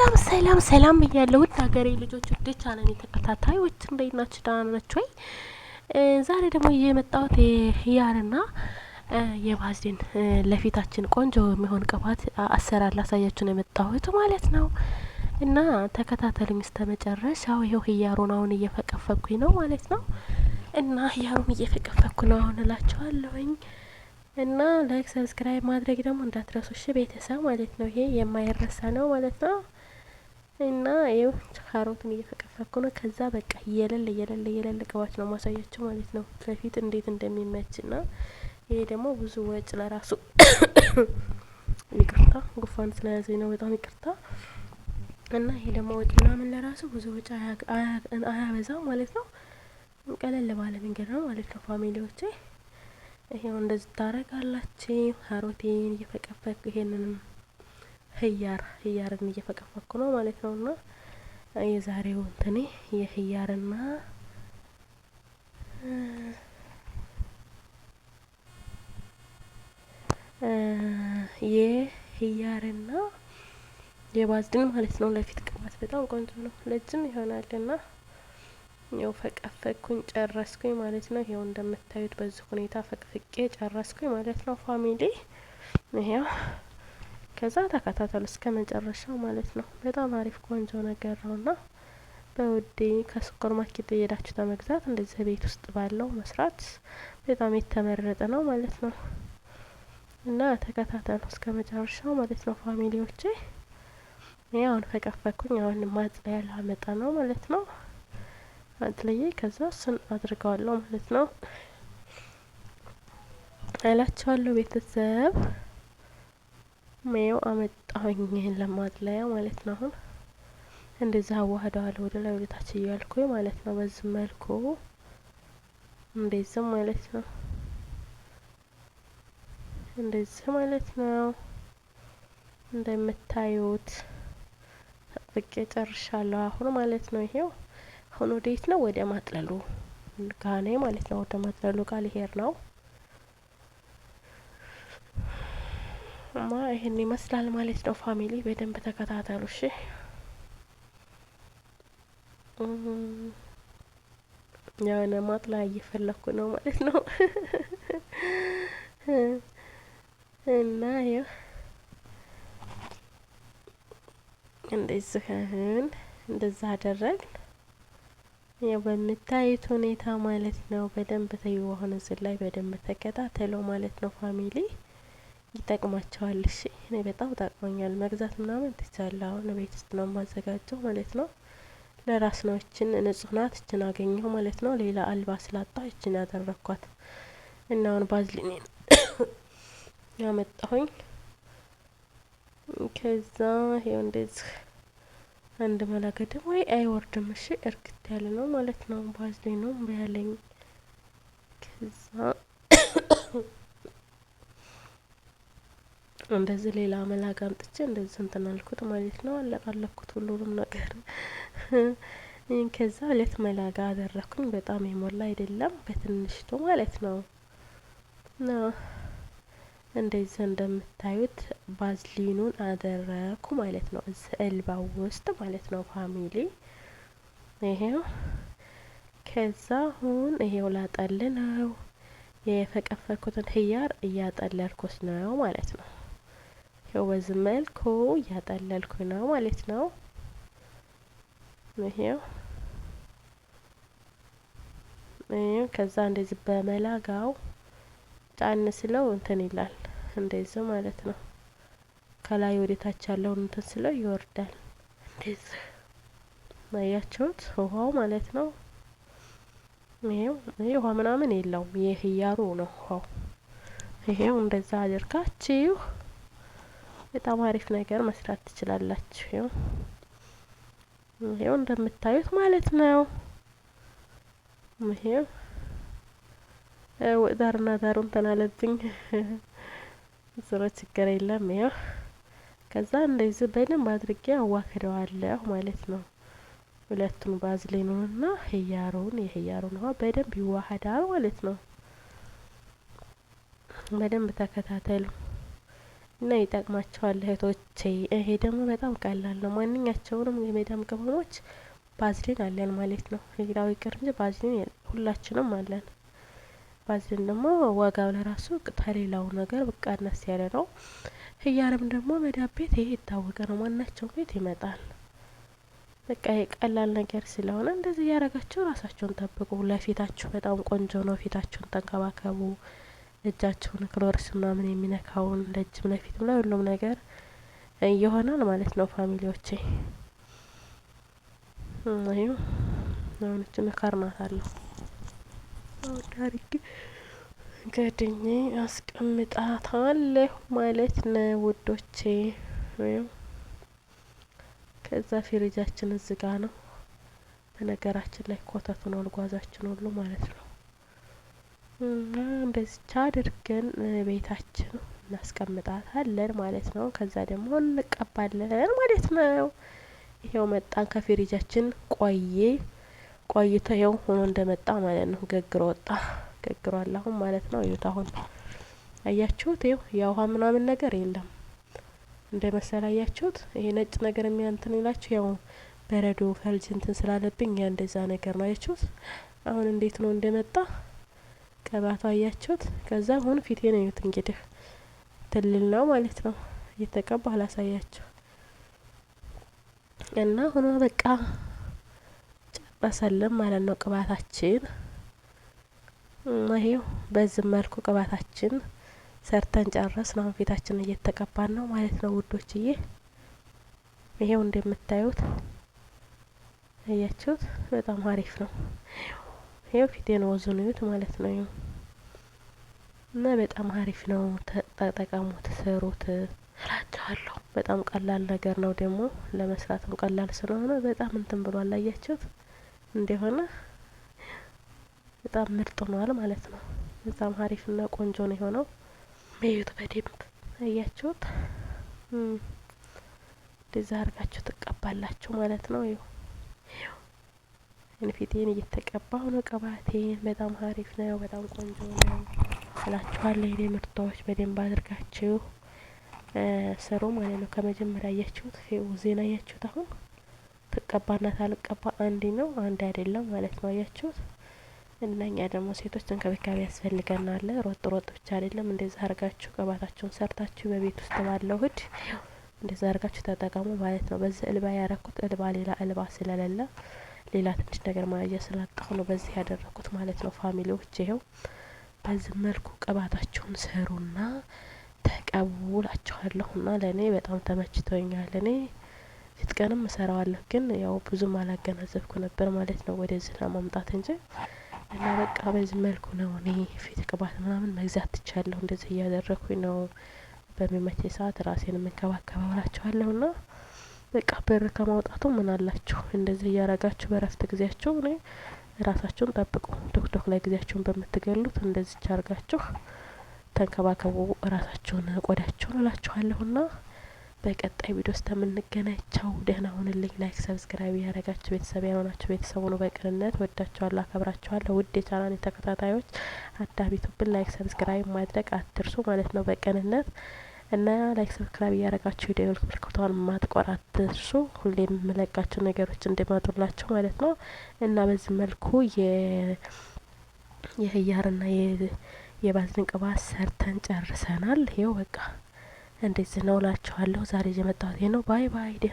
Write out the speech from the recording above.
ሰላም ሰላም ሰላም እያለ ውድ ሀገሬ ልጆች ውድ ቻለን የተከታታዮች እንዴት ናችሁ? ደህና ናችሁ ወይ? ዛሬ ደግሞ የመጣሁት የሂያርና የቫዝሊን ለፊታችን ቆንጆ የሚሆን ቅባት አሰራር ላሳያችሁ ነው የመጣሁት ማለት ነው። እና ተከታተሉኝ እስከ መጨረሻው። ይኸው ህያሩን አሁን እየፈቀፈኩኝ ነው ማለት ነው። እና ህያሩን እየፈቀፈኩ ነው አሁን እላችኋለሁኝ። እና ላይክ ሰብስክራይብ ማድረግ ደግሞ እንዳትረሱ እሺ ቤተሰብ ማለት ነው። ይሄ የማይረሳ ነው ማለት ነው። እና ይኸው ካሮትን እየተቀፈኩ ነው። ከዛ በቃ እየለለ እየለለ እየለለ ቅባት ነው ማሳያቸው ማለት ነው ለፊት እንዴት እንደሚመች ና ይሄ ደግሞ ብዙ ወጭ ለራሱ ይቅርታ፣ ጉፋን ስለያዘኝ ነው። በጣም ይቅርታ። እና ይሄ ደግሞ ወጭ ምናምን ለራሱ ብዙ ወጭ አያበዛ ማለት ነው። ቀለል ባለ መንገድ ነው ማለት ነው። ፋሚሊዎቼ ይሄው እንደዚህ ታረጋላችሁ። ካሮቴን እየፈቀፈኩ ይሄንንም ህያር ህያርን እየፈቀፈኩ ነው ማለት ነው። እና የዛሬው እንትኔ የህያርና የህያርና የባዝድን ማለት ነው። ለፊት ቅባት በጣም ቆንጆ ነው፣ ለእጅም ና ያው ፈቀፈኩኝ ጨረስኩኝ ማለት ነው። ይሄው እንደምታዩት በዚህ ሁኔታ ፈቅፍቄ ጨረስኩኝ ማለት ነው። ፋሚሊ ይሄው ከዛ ተከታተሉ እስከ መጨረሻው ማለት ነው። በጣም አሪፍ ቆንጆ ነገር ና በውዴ ከሱፐር ማርኬት እየሄዳችሁ ተመግዛት እንደዚህ ቤት ውስጥ ባለው መስራት በጣም የተመረጠ ነው ማለት ነው። እና ተከታተሉ እስከ መጨረሻው ማለት ነው ፋሚሊዎቼ። ይህ አሁን ፈቀፈኩኝ አሁን ማጥለያ ላመጣ ነው ማለት ነው። አጥልዬ ከዛ እሱን አድርገዋለሁ ማለት ነው እላቸዋለሁ ቤተሰብ መየው አመጣሁኝ ለማጥለያ ማለት ነው። አሁን እንደዚህ አዋህደዋለሁ ወደ ላይ ወደታች እያልኩ ማለት ነው። በዚህ መልኩ እንደዚህ ማለት ነው። እንደዚህ ማለት ነው። እንደምታዩት ጠብቄ ጨርሻለሁ። አሁን ማለት ነው። ይሄው አሁን ወዴት ነው? ወደ ማጥለሉ ጋኔ ማለት ነው። ወደ ማጥለሉ ቃል ይሄድ ነው። እማ ይህን ይመስላል ማለት ነው። ፋሚሊ በደንብ ተከታተሉ እሺ። የሆነ ማጥላ እየፈለኩ ነው ማለት ነው እና ይኸው እንደዚህን እንደዛ አደረግን ያው በምታዩት ሁኔታ ማለት ነው። በደንብ ተይው አሁን እዚህ ላይ በደንብ ተከታተለው ማለት ነው ፋሚሊ ይጠቅማቸዋል። እሺ እኔ በጣም ጠቅሞኛል መግዛት ምናምን ትቻለ። አሁን ቤት ውስጥ ነው የማዘጋጀው ማለት ነው። ለራስ ነው እችን ንጹህ ናት እችን አገኘው ማለት ነው። ሌላ አልባ ስላጣ እችን ያደረግኳት እና አሁን ባዝሊኔን ያመጣሁኝ። ከዛ ይሄው እንደዚህ አንድ መላገድም ወይ አይወርድም። እሺ እርግት ያለ ነው ማለት ነው ባዝሊኑም በያለኝ ከዛ እንደዚህ ሌላ መላክ አምጥቼ እንደዚህ እንትን አልኩት ማለት ነው። አለቃለኩት ሁሉንም ነገር። ከዛ ሁለት መላጋ አደረኩኝ። በጣም የሞላ አይደለም፣ በትንሽቱ ማለት ነው። ና እንደዚህ እንደምታዩት ባዝሊኑን አደረኩ ማለት ነው። እዚህ እልባው ውስጥ ማለት ነው ፋሚሊ ይሄው ከዛ አሁን ይሄው ላጠል ነው የፈቀፈኩትን ህያር እያጠለርኩት ነው ማለት ነው። ያው በዚህ መልኩ እያጠለልኩ ነው ማለት ነው። ይሄው ይሄው ከዛ እንደዚህ በመላጋው ጫን ስለው እንትን ይላል እንደዚህ ማለት ነው። ከላይ ወደታች ያለውን እንትን ስለው ይወርዳል እንደዚህ አያችሁት? ውሃው ማለት ነው። ይሄው ውሃ ምናምን የለውም፣ ይሄ ህያሩ ነው ውሃው። ይሄው እንደዛ አድርጋችሁ በጣም አሪፍ ነገር መስራት ትችላላችሁ። ይሄው እንደምታዩት ማለት ነው። ይሄው ወዳርና ዳሩን ተናለብኝ ዞሮ ችግር የለም። ይሄው ከዛ እንደዚህ በደንብ አድርጌ አዋክደዋለሁ ማለት ነው። ሁለቱን ባዝሊኑንና ህያሩን የህያሩን ውሃ በደንብ ይዋሃዳል ማለት ነው። በደንብ ተከታተሉ። እና ይጠቅማቸዋል እህቶቼ። ይሄ ደግሞ በጣም ቀላል ነው። ማንኛቸውንም የመዳም ቅመሞች ባዝሊን አለን ማለት ነው። ሌላው ይቅር እንጂ ባዝሊን ሁላችንም አለን። ባዝሊን ደግሞ ዋጋው ለራሱ ከሌላው ነገር በቃ አነስ ያለ ነው። ህያርም ደግሞ መዳብ ቤት ይሄ የታወቀ ነው። ማናቸውም ቤት ይመጣል። በቃ የቀላል ነገር ስለሆነ እንደዚህ ያደረጋችሁ ራሳቸውን ጠብቁ። ለፊታችሁ በጣም ቆንጆ ነው። ፊታችሁን ተንከባከቡ። እጃቸውን ክሎርስ ምናምን የሚነካውን ለእጅም ለፊትም ሁሉም ነገር ይሆናል ማለት ነው። ፋሚሊዎቼ ይሁ አሁንች መከርናት አለሁ ዳርግ ገድኝ አስቀምጣታለሁ ማለት ነው ውዶቼ። ወይም ከዛ ፍሪጃችን እዝጋ ነው። በነገራችን ላይ ኮተት ነው አልጓዛችን ሁሉ ማለት ነው። በዝቻ አድርገን ቤታችን እናስቀምጣታለን ማለት ነው። ከዛ ደግሞ እንቀባለን ማለት ነው። ይሄው መጣን ከፍሪጃችን ቆየ ቆይቶ ይሄው ሆኖ እንደመጣ ማለት ነው። ገግሮ ወጣ ገግሯል አሁን ማለት ነው። እዩት አሁን አያችሁት? ይኸው የውሃ ምናምን ነገር የለም እንደ መሰል አያችሁት? ይሄ ነጭ ነገር የሚያንትን ይላችሁ ያው በረዶ ፈልጅ እንትን ስላለብኝ ያ እንደዛ ነገር ነው። አያችሁት? አሁን እንዴት ነው እንደመጣ ቅባቱ አያችሁት። ከዛ አሁን ፊቴ ነው እዩት እንግዲህ ትልል ነው ማለት ነው እየተቀባሁ አላሳያችሁ እና ሆኖ በቃ ጨረሰልን ማለት ነው ቅባታችን። ይሄው በዚህ መልኩ ቅባታችን ሰርተን ጨረስ ነው። ፊታችን እየተቀባን ነው ማለት ነው ውዶችዬ። ይሄው እንደምታዩት አያችሁት፣ በጣም አሪፍ ነው። ይኸው ፊቴን ወዙን እዩት ማለት ነው። እና በጣም አሪፍ ነው። ተጠቀሙ፣ ተሰሩት እላቸዋለሁ። በጣም ቀላል ነገር ነው ደግሞ ለመስራትም ቀላል ስለሆነ በጣም እንትን ብሎ አላያችሁት እንደሆነ በጣም ምርጥ ሆኗል ማለት ነው። በጣም አሪፍ እና ቆንጆ ነው የሆነው። በዩት በደንብ አያችሁት። እንደዛ አድርጋችሁ ትቀባላችሁ ማለት ነው ይኸው ፊቴን እየተቀባሁ ነው። ቅባቴን በጣም ሀሪፍ ነው፣ በጣም ቆንጆ ነው እላችኋለሁ። የኔ ምርቶች በደንብ አድርጋችሁ ስሩ ማለት ነው። ከመጀመሪያ አያችሁት ዜና አያችሁት አሁን ትቀባና ታልቀባ አንድ ነው፣ አንድ አይደለም ማለት ነው። አያችሁት። እና እኛ ደግሞ ሴቶች እንክብካቤ ያስፈልገናል። ሮጥ ሮጥ ብቻ አይደለም። እንደዛ አርጋችሁ ቅባታችሁን ሰርታችሁ በቤት ውስጥ ባለው ህድ እንደዛ አርጋችሁ ተጠቀሙ ማለት ነው። በዚህ እልባ ያረኩት እልባ ሌላ እልባ ስለሌለ ሌላ ትንሽ ነገር መያዣ ስላጣሁ ነው በዚህ ያደረኩት ማለት ነው። ፋሚሊዎች ይኸው በዚህ መልኩ ቅባታቸውን ስሩና ተቀቡላችኋለሁ እና ለእኔ በጣም ተመችቶኛል። እኔ ፊት ቀንም እሰራዋለሁ ግን ያው ብዙም አላገናዘብኩ ነበር ማለት ነው ወደዚህ ለማምጣት እንጂ እና በቃ በዚህ መልኩ ነው እኔ ፊት ቅባት ምናምን መግዛት ትቻለሁ። እንደዚህ እያደረኩኝ ነው በሚመቼ ሰዓት ራሴን የምንከባከበው ላችኋለሁ ና በቃ ብር ከማውጣቱ ምን አላችሁ? እንደዚህ እያረጋችሁ በረፍት ጊዜያችሁ እኔ ራሳችሁን ጠብቁ። ቶክቶክ ላይ ጊዜያችሁን በምትገሉት እንደዚች አርጋችሁ ተንከባከቡ ራሳችሁን፣ ቆዳችሁን ና በቀጣይ ቪዲዮ እስከምንገናቸው ደህና ሁንልኝ። ላይክ፣ ሰብስክራይብ ያረጋችሁ ቤተሰብ ያልሆናችሁ ቤተሰቡ ነው። በቅንነት ወዳችኋለሁ፣ አከብራችኋለሁ። ውድ የቻናል ተከታታዮች አዳቢቱብን ላይክ፣ ሰብስክራይብ ማድረግ አትርሱ ማለት ነው በቅንነት እና ላይክ ሰብስክራይብ እያደረጋችሁ የደወል ምልክቷን ማጥቆር አትርሱ። ሁሌም የምለቃቸው ነገሮች እንዲመጡላችሁ ማለት ነው። እና በዚህ መልኩ የህያርና የባዝን ቅባት ሰርተን ጨርሰናል። ይኸው በቃ እንደዚህ ነው እላችኋለሁ። ዛሬ የመጣሁት ይሄ ነው። ባይ ባይ።